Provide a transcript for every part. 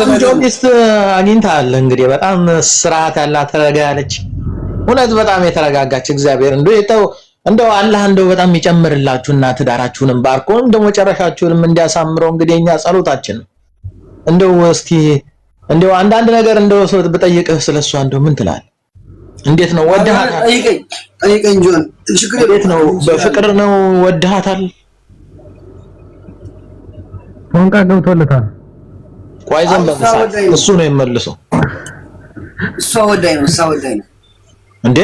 ቆንጆ ሚስት አግኝተሃል። እንግዲህ በጣም ስርዓት ያላት ተረጋ ያለች እውነት በጣም የተረጋጋች እግዚአብሔር እንደው እንደው አላህ እንደው በጣም ይጨምርላችሁና ትዳራችሁንም ባርኮ እንደው መጨረሻችሁንም እንዲያሳምረው እንግዲህ እኛ ጸሎታችን ነው። እንደው እስቲ እንደው አንዳንድ ነገር እንደው ሰው ብጠይቅህ ስለሷ እንደው ምን ትላለህ? እንዴት ነው ወድሃታል? ጠይቀኝ ጆን። እንዴት ነው በፍቅር ነው ወድሃታል? ወንቃ ገብቶለታል ቋይዘን እሱ ነው የመልሰው። እሷ ወዳኝ ነው፣ እሷ ወዳኝ ነው። እንዴ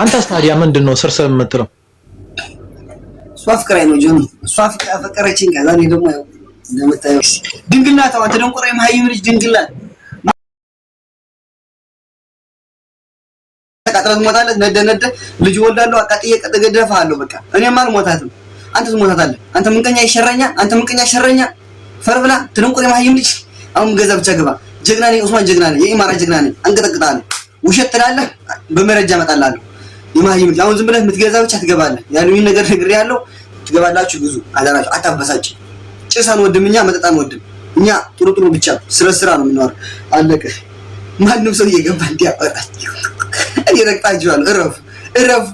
አንተ ታዲያ ምንድን ነው ስር ስር የምትለው? እሷ ፍቅራይ ነው ጆኒ፣ እሷ ፈቀረችኝ። ከዛ እኔ ደግሞ እንደምታየው ድንግልናት፣ አንተ ደንቆራይ መሀይም ልጅ ድንግልና ተቃጥረህ ትሞታለህ። ነደ ነደ ልጅ ወልዳለሁ አቃጥዬ እገድልሃለሁ። በቃ እኔማ አልሞታትም፣ አንተ ትሞታታለህ። አንተ ምንቀኛ ይሸረኛ፣ አንተ ምንቀኛ ይሸረኛ፣ ፈርብላ ትደንቆራይ መሀይም ልጅ አሁን ገዛ ብቻ ግባ። ጀግና ነኝ ኡስማን፣ ጀግና ነኝ፣ የኢማራ ጀግና ነኝ። አንቀጠቅጣለሁ። ውሸት ትላለህ፣ በመረጃ እመጣላለሁ። ይማይም አሁን ዝም ብለህ የምትገዛ ብቻ ትገባለህ። ያሉኝ ነገር ነግሬ ያለው ትገባላችሁ። ብዙ አዳራችሁ አታበሳጭ። ጭስ አንወድም እኛ፣ መጠጥ አንወድም እኛ። ጥሩ ጥሩ ብቻ ስለ ስራ ነው የምንዋር። አለቀ። ማንም ሰው እየገባ እንዲያወራ ይረግጣችኋል። እረፍ፣ እረፍ፣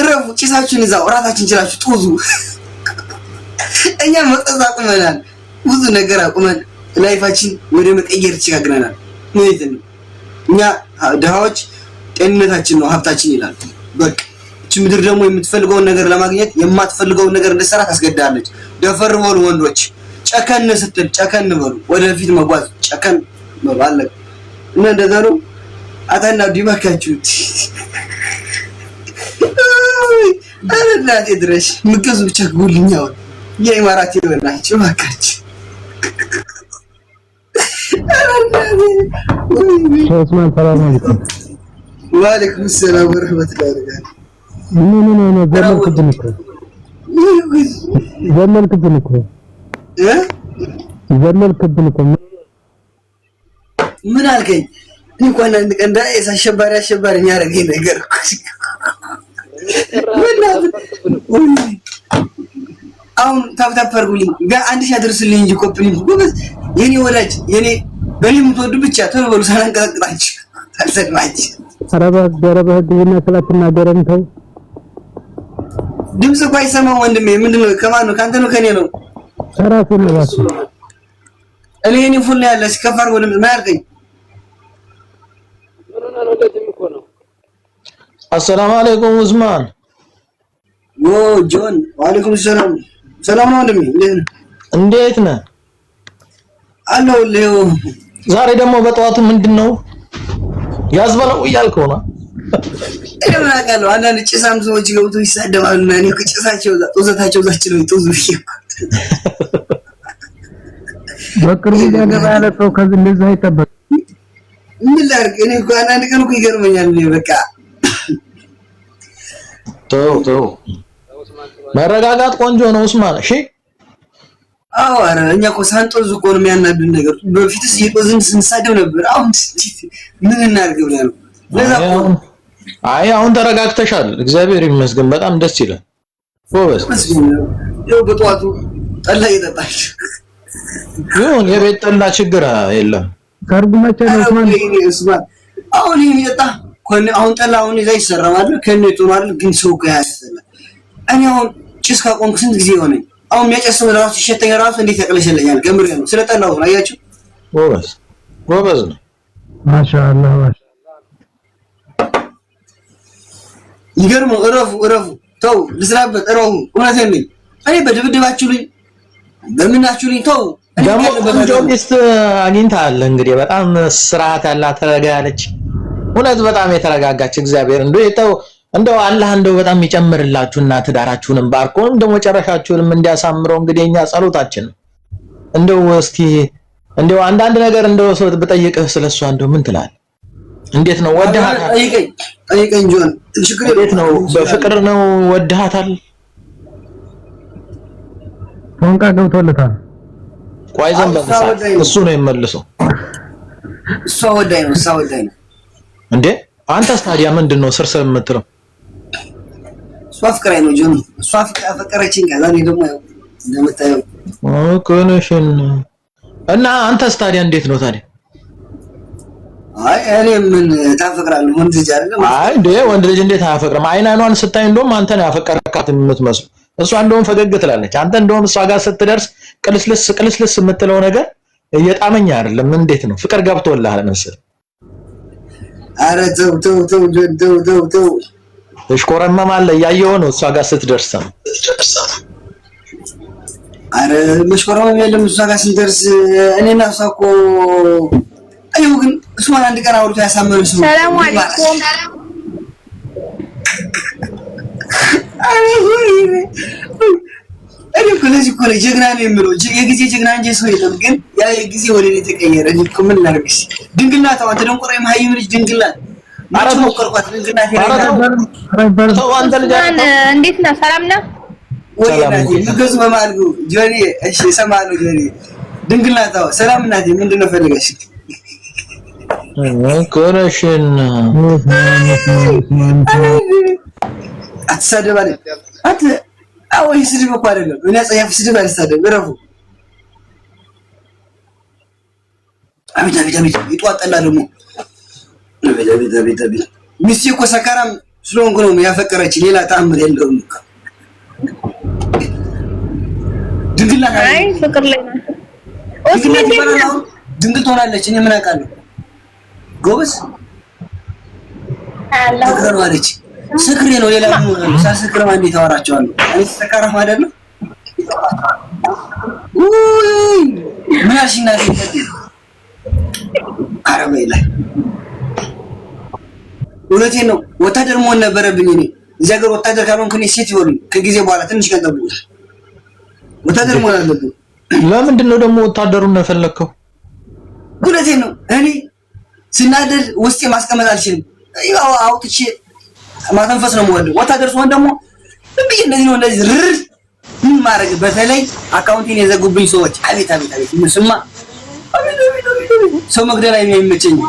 እረፉ። ጭሳችሁን እዛው እራሳችን እንችላችሁ ጡዙ። እኛ መጠጥ አቁመናል፣ ብዙ ነገር አቁመን ላይፋችን ወደ መቀየር ተሸጋግረናል። ምንድን ነው እኛ ድሃዎች ጤንነታችን ነው ሀብታችን ይላል። በቃ እቺ ምድር ደግሞ የምትፈልገውን ነገር ለማግኘት የማትፈልገውን ነገር እንድትሰራ ታስገድዳለች። ደፈር በሉ ወንዶች፣ ጨከን ስትል ጨከን በሉ፣ ወደፊት መጓዝ ጨከን መባለ እና እንደዛ ነው። አታና ዲባካችሁ አረዳት ድረሽ ምገዙ ብቻ ጉልኛው የኢማራት ይበላችሁ ባካችሁ ዑስማን ሰላም አለይኩም። ወአለይኩም ሰላም ወረህመቱላሂ ምን ምን ነው ዘለልክብን እኮ ዘለልክብን እኮ እ እኮ ምን አልከኝ? እንኳን አንድ ቀን ዳኤስ አሸባሪ አሸባሪ የሚያደርገኝ ነገር እኮ አሁን ታፕታፕ አድርጉልኝ፣ አንድ ሺህ አድርሱልኝ እንጂ ኮፕልኝ የኔ ወዳጅ የኔ በእኔ የምትወዱ ብቻ ቶሎ በሉ ሳላንቀጠቅጣችሁ አልሰድባችሁ። ኧረ በህግ ስለትናገረን ተው። ድምፅ እኮ አይሰማም ወንድሜ። ምንድን ነው? ከማን ነው? ከአንተ ነው? ከእኔ ነው? ከራሱ ነው ራሱ። እኔ እኔ ፉል ነው ያለ ሲከፋ አድርጎ ድምፅ ማያልቀኝ። አሰላሙ አለይኩም ኡስማን። ዮ ጆን፣ ዋለይኩም ሰላም። ሰላም ነው ወንድሜ፣ እንዴት ነህ? አለሁልህ። ዛሬ ደግሞ በጠዋቱ ምንድን ነው ያዝበለው እያልከው ነው። እራቃለሁ አንዳንድ ጭሳም ሰዎች ገብቶ ይሳደባሉ እና እኔ ጭሳቸው ጦዘታቸው ዛች ነው ጦዙ በቅርቡ ያገባ ያለ ሰው ከዚህ እንደዛ አይጠበቅ። ምን ላድርግ እኔ እኮ አንዳንድ ቀን እኮ ይገርመኛል። እኔ በቃ ተው ተው መረጋጋት ቆንጆ ነው ኡስማን እሺ አዎ ኧረ እኛ እኮ ሳንጦዝ እኮ ነው የሚያናድድ ነገር። በፊትስ እየጦዝን ስንሳደብ ነበር። አሁን ምን እናድርግ ብለህ ነው? አይ አሁን ተረጋግተሻል። እግዚአብሔር ይመስገን። በጣም ደስ ይላል። ጎበዝ። ይኸው በጠዋቱ ጠላ እየጠጣች ይሁን። የቤት ጠላ ችግር የለም። ከርጉ መቼ ነው ኡስማን? አሁን ይሄን ይጠጣ ከነ አሁን ጠላ አሁን ይዛ ይሰራማል ከነ ይጦናል። ግን ሰው ጋር ያሰለ እኔ አሁን ጭስ ካቆምኩ ስንት ጊዜ ሆነኝ አሁን የሚያጨስም ራሱ ሲሸተኝ ራሱ እንዴት ያቅለሸለኛል? ገምር ነው ስለጠላሁ ነው። አያችሁ፣ ጎበዝ ጎበዝ ነው። ማሻአላህ ማሻአላህ፣ ይገርመው። እረፉ እረፉ፣ ተው ልስራበት፣ እረፉ። እውነቴን ነኝ። እኔ በድብድባችሁ ልኝ በምናችሁ ልኝ ተው። ደግሞ ቆንጆ ሚስት እንግዲህ በጣም ስርዓት ያላት ተረጋ ያለች እውነት፣ በጣም የተረጋጋች እግዚአብሔር እንደው እንደው አላህ እንደው በጣም ይጨምርላችሁና ትዳራችሁንም ባርኮ እንደው መጨረሻችሁንም እንዲያሳምረው እንግዲህ እኛ ጸሎታችን እንደው እስቲ እንደው አንዳንድ ነገር እንደው ሰው ብጠይቅህ ስለሷ እንደው ምን ትላለህ? እንዴት ነው ወደሃታል? ጠይቀኝ ጠይቀኝ ጆን፣ ችግር እንዴት ነው? በፍቅር ነው ወደሃታል? ፎንቃ ገብቶለታል። ቆይ ዘን እሱ ነው የመልሰው። እሷ ወዳኝ ነው፣ እሷ ወዳኝ ነው። እንዴ አንተስ ታዲያ ምንድን ነው ስርስር የምትለው? እሷ ፍቅራይ ነው ጆኒ። እሷ ፍቅራችን ከዛ ነው ደግሞ ያው እንደምታየው ኮኔክሽን እና አንተስ ታዲያ እንዴት ነው ታዲያ? አይ እኔ ምን ታፈቅራለህ? ወንድ ልጅ አይደለም። አይ እንዴ ወንድ ልጅ እንዴት አያፈቅርም? አይን አይኗን ስታይ እንደውም አንተ ነው ያፈቀርካት የምትመስለው። እሷ እንደውም ፈገግ ትላለች። አንተ እንደውም እሷ ጋር ስትደርስ ቅልስልስ ቅልስልስ የምትለው ነገር እየጣመኝ አይደለም። እንዴት ነው ፍቅር ገብቶልሃል መሰለህ? ተው ተው ተው ተው ተው ተው እሽኮረመማለ እያየሁ ነው። እሷ ጋር ስትደርስ ነው። አረ መሽኮረመም የለም። እሷ ጋር ስንደርስ እኔና እሷ እኮ አይው ግን እሷን አንድ ቀን አውርቶ ያሳመነ ሰው ሰላም አለይኩም። እኔ እኮ ለዚህ እኮ ነው ጀግና ነው የምለው። የጊዜ ጀግና እንጂ ሰው የለም። ግን ያ የጊዜ ወደ እኔ ተቀየረ። እኔ እኮ ምን ላድርግሽ? ድንግልናት አሁን ተደንቆራ የመሀይም ልጅ ድንግልናት እንዴት ነህ? ሰላም ነህ? ድንግል ናት። ሰላም እናቴ፣ ምንድን ነው ፈልገሽ? ቆረሽን አትሳደብ አለ አት አዎ፣ ይህ ስድብ እኮ አይደለም። እኔ አጸያፊ ስድብ አልሳደብ። እረፉ። አቤት አቤት አቤት! ይጧጠላ ደግሞ ሚስቴ እኮ ሰካራም ስለሆንኩ ነው ያፈቀረች። ሌላ ተአምር የለውም። ድንግል ትሆናለች። እኔ ምን አውቃለሁ? ጎበዝ አለች። ስክሬ ነው ሌላ ምን ሳልስክርማ እንዴት አወራቸዋለሁ? እኔ ሰካራም ምን አልሽኝ? እናቴ አረመ ይላል እውነቴን ነው። ወታደር መሆን ነበረብኝ እኔ እዚህ ሀገር ወታደር ካልሆንኩ እኔ ሴት ይሆኑኝ ከጊዜ በኋላ ትንሽ ቀን ወታደር መሆን አለብኝ። ለምንድን ነው ደግሞ ወታደሩን የፈለግከው? እውነቴን ነው። እኔ ስናደድ ውስጤ ማስቀመጥ አልችልም። ያው አውጥቼ ማተንፈስ ነው የምወደው። ወታደር ሲሆን ደግሞ ብዬ እንደዚህ ነው እንደዚህ ርር ምን ማድረግ በተለይ አካውንቲን የዘጉብኝ ሰዎች አቤት አቤት አቤት ምስማ ሰው መግደል አይመቸኝም።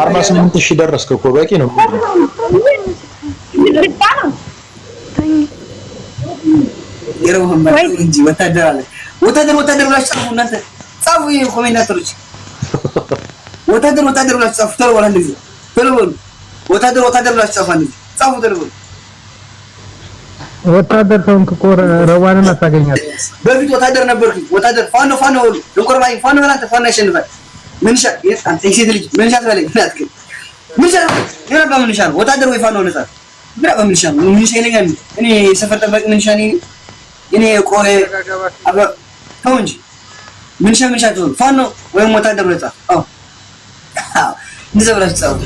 አርባ ስምንት ሺህ ደረስክ እኮ በቂ ነው። ወታደር ወታደር ብላችሁ ጻፉ። እናንተ ጻፉ፣ ኮሜንታተሮች ወታደር ወታደር ብላችሁ ጻፉ። ቶሎ አንድ ጊዜ ቶሎ ወታደር ወታደር ብላችሁ ጻፉ፣ አንድ ጊዜ ጻፉ፣ ቶሎ ወታደር ተውንክ እኮ ረዋንም አታገኛት። በፊት ወታደር ነበርኩኝ። ወታደር ፋኖ ፋኖ በሉ። እንቆርባኝ ፋኖ በላንተ ፋኖ ያሸንፋል። ወታደር ወይ ፋኖ ነፃ ግራ በምንሻ ነው ምንሻ ይለኛል። እኔ ሰፈር ጠባቂ ምንሻ ነኝ እኔ ቆይ አባ ተው እንጂ ምንሻ ምንሻ ትሆን ፋኖ ወይም ወታደር ነፃ። አዎ እንደዛ ብላችሁ ጻፉ።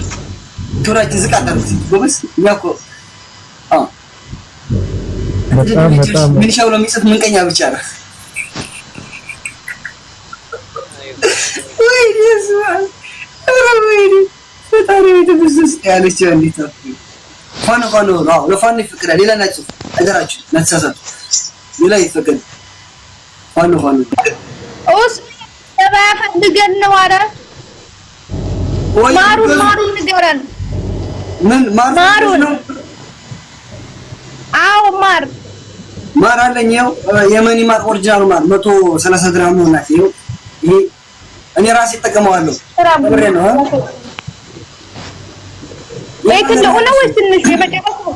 ክብራችን ዝቅ አታርጉት ጎበዝ። እኛ እኮ አዎ ምንሻ ብሎ የሚጽፍ ምንቀኛ ብቻ ነው። ፈጣሪ ቤተብስ ውስጥ ያለች እንዴት ፋኖ ፋኖ ለፋኖ ይፈቀዳል። ሌላ ናጭ ነገራችሁ ናተሳሳቱ ሌላ ይፈቀድ ፋኖ ፋኖ ኦስ ሰባ ፈልገን ነው። አረ ማሩን ማሩን ንገረን። ምን ማሩን? አዎ ማር ማር አለኝ። ያው የመኒ ማር ኦሪጂናል ማር መቶ ሰላሳ ግራም ነው። እናት ይሄ እኔ ራሴ እጠቀመዋለሁ። ብሬ ነው የት እንደሆነ ወይ ትንሽ የመጨረሻው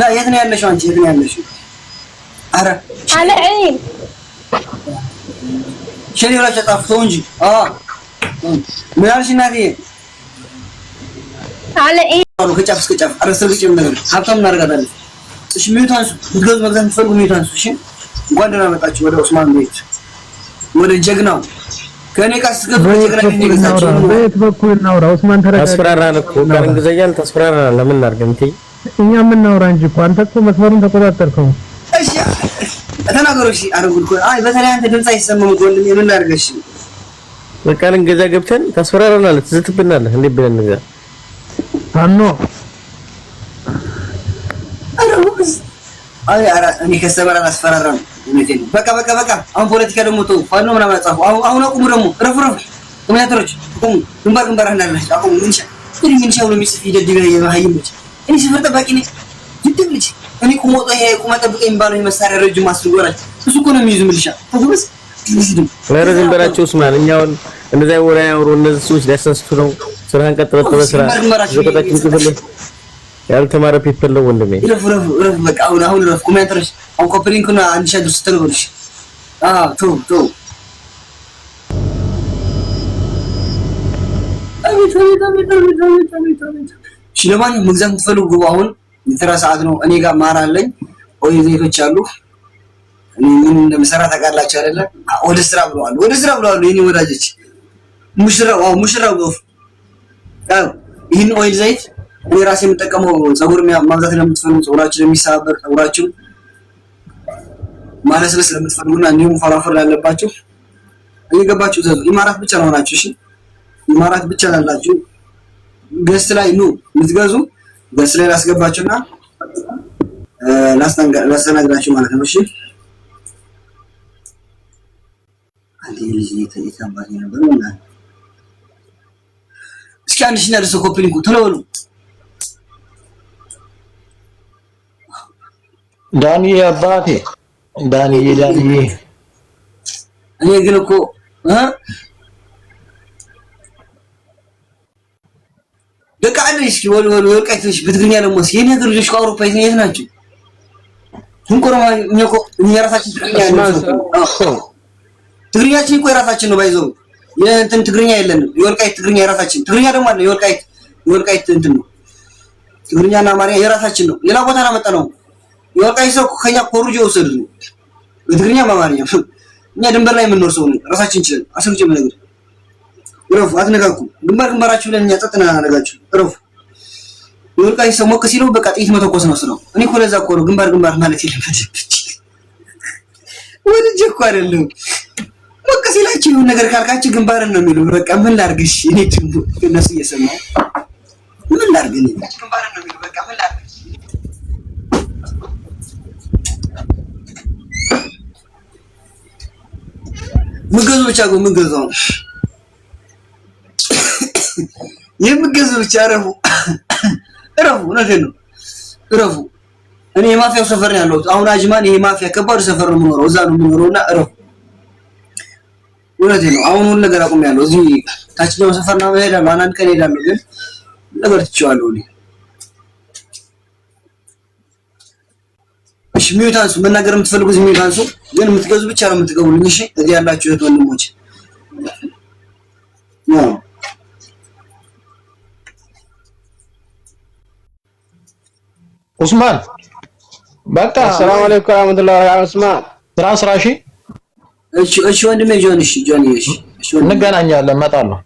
ላ የት ነው ያለሽው? አንቺ የት ነው ያለሽው? አረ አለ አይን ሸሪ ብላሽ ጠፍቶ እንጂ አ ምን አልሽ እናትዬ? አለ አይን ከጫፍ እስከ ጫፍ አረ ስልክ ጭም ሀብታም እናደርጋታለን። እሺ ሚዩት አንሱ። ብትገዙ መግዛት የምትፈልጉ ሚዩት አንሱ። እሺ እንኳን ደህና መጣችሁ ወደ ኡስማን ቤት ወደ ጀግናው ከኔ ጋር ስገብ በትግራይ ነው የሚገዛቸው። በየት በኩል እናውራ? ኡስማን ተረጋጋ። እኛ የምናወራ እንጂ እኮ አንተ እኮ መስመሩን ተቆጣጠርከው። እሺ ተናገሩ። እሺ አረጉልኩ። አይ በተለይ አንተ ድምጽ አይሰማም እኮ ወንድም፣ የምን አድርገህ? እሺ በቃ ልንገዛ ገብተን ተስፈራራናል። ትዝትብናለህ። እንዴት ብለን እንግዛ? ታኖ አይ አራ እኔ ከሰበራ አስፈራራን በቃ በቃ በቃ። አሁን ፖለቲካ ደግሞ ተው። ፋኖ ምናምን አጻፉ። አሁን አቁሙ ደግሞ ረፍ ረፍ። ኮሚኒተሮች አቁሙ፣ ግንባር ግንባር እንዳላችሁ አቁሙ። ምንሻ እንግዲህ ምንሻ ብሎ የሚጽፍ ይደድብ የባህይሞች እኔ ስፍር ጠባቂ ነኝ። ድድብ ልጅ እኔ ቁሞ ቁመ ጠብቀ የሚባለው መሳሪያ ረጅም አስጎራል። እሱ እኮ ነው የሚይዙ ምልሻ ጎበዝ። ኧረ ዝም በላቸው። ስማን እኛውን እንደዛ ወሬ ያወሩ እነዚህ ሰዎች ሊያሳስቱ ነው። ስራህን ቀጥረጥ በስራ ዘቀጣችን ክፍል ያልተማረ ፒፕል ነው ወንድሜ። ረፍ ረፍ ረፍ በቃ አሁን አሁን ረፍ ቁመያ ተረሽ አሁን ኮፕሊንግ እና አንድ ሺህ አድርስ ተነበልሽ አአ ቶ ቶ አቤት አቤት አቤት አቤት አቤት አቤት አቤት። እሺ ለማንኛውም መግዛት የምትፈልጉ ግቡ። አሁን የተራ ሰዓት ነው። እኔ ጋር ማር አለኝ፣ ወይ ዘይቶች አሉ። እኔ ምን እንደምሰራ ታውቃላችሁ አይደለ? ወደ ስራ ብለዋል፣ ወደ ስራ ብለዋል የኔ ወዳጆች። ሙሽራው አዎ ሙሽራው ይህን ኦይል ዘይት እኔ ራሴ የምጠቀመው ጸጉር ማብዛት ለምትፈልጉ ፀጉራችን የሚሰባበር ፀጉራችሁ ማለስለስ ለምትፈልጉና እንዲሁም ፈራፈር ላለባችሁ እየገባችሁ ዘዙ። ኢማራት ብቻ ለሆናችሁ እሺ፣ ኢማራት ብቻ ላላችሁ ገዝት ላይ ኑ የምትገዙ ገዝት ላይ ላስገባችሁና ላስተናግዳችሁ ማለት ነው። እሺ እስኪ አንድ ሺህ ያድርሰው ኮፒ ሊንኩ ተለወሉ። ዳንዬ አባቴ ዳንዬ ዳንዬ፣ እኔ ግን እኮ በቃ ልጅ ወል ወል ወልቃይት ልጅ በትግርኛ ደግሞ እስኪ የኔ ልጆች ከአውሮፓ የት ናቸው? እንቆርማ እኛ እኮ እኛ ራሳችን ትግርኛ ትግርኛችን እኮ የራሳችን ነው። ባይዘው የእንትን ትግርኛ የለንም። የወልቃይት ትግርኛ የራሳችን ትግርኛ ደግሞ አለ። የወልቃይት የወልቃይት እንትን ነው። ትግርኛና አማርኛ የራሳችን ነው። ሌላ ቦታ ላመጣ ነው የወልቃይት ሰው ከኛ ኮርጆ የወሰዱት ነው። በትግርኛ በአማርኛ እኛ ድንበር ላይ የምንኖር ሰው ራሳችን እንችላለን። አስርጭ መነግር እረፉ፣ አትነካኩ፣ ግንባር ግንባራችሁ ብለን እኛ ጸጥ እናደርጋችሁ። እረፉ። የወልቃይት ሰው ሞቅ ሲለው በቃ ጥይት መተኮስ ነው ስራው። እኔ እኮ ለዛ እኮ ነው ግንባር ግንባር ማለት የለበትም። ወልጄ እኮ አይደለም ሞቅ ሲላችሁ ይሁን ነገር ካልካችሁ ግንባርን ነው የሚሉ በቃ ምን ላርግሽ? እኔ እነሱ እየሰማሁ ምን ላርግ? ግንባርን ነው የሚሉ በቃ ምን ላርግ ምገዙ ብቻ ነው ይህ ምገዙ ብቻ። እረፉ እረፉ፣ እውነቴን ነው እረፉ። እኔ የማፊያው ሰፈር ነው ያለሁት አሁን አጅማን። ይሄ ማፊያ ከባዱ ሰፈር ነው የምኖረው፣ እዛ ነው የምኖረው እና እረፉ፣ እውነቴን ነው። አሁን ሁሉ ነገር አቁሜያለሁ። እዚህ ታችኛው ሰፈር ነው እሄዳለሁ፣ አንዳንድ ቀን እሄዳለሁ፣ ግን ነገር ትቼዋለሁ እኔ እሺ ሚውታንሱ መናገር የምትፈልጉት ሚውታንሱ ግን የምትገዙ ብቻ ነው የምትገቡልኝ። እሺ እዚህ ያላችሁ እህት ወንድሞች ኡስማን በቃ ሰላም አለይኩም ወራህመቱላሂ ወበረካቱ። ኡስማን ስራ ስራ። እሺ እሺ እሺ ወንድሜ ጆን እሺ ጆን እሺ እሺ እንገናኛለን። እመጣለሁ።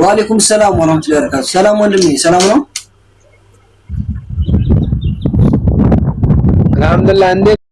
ወአለይኩም ሰላም ወራህመቱላሂ ወበረካቱ። ሰላም ወንድሜ ሰላም ነው። the alhamdulillah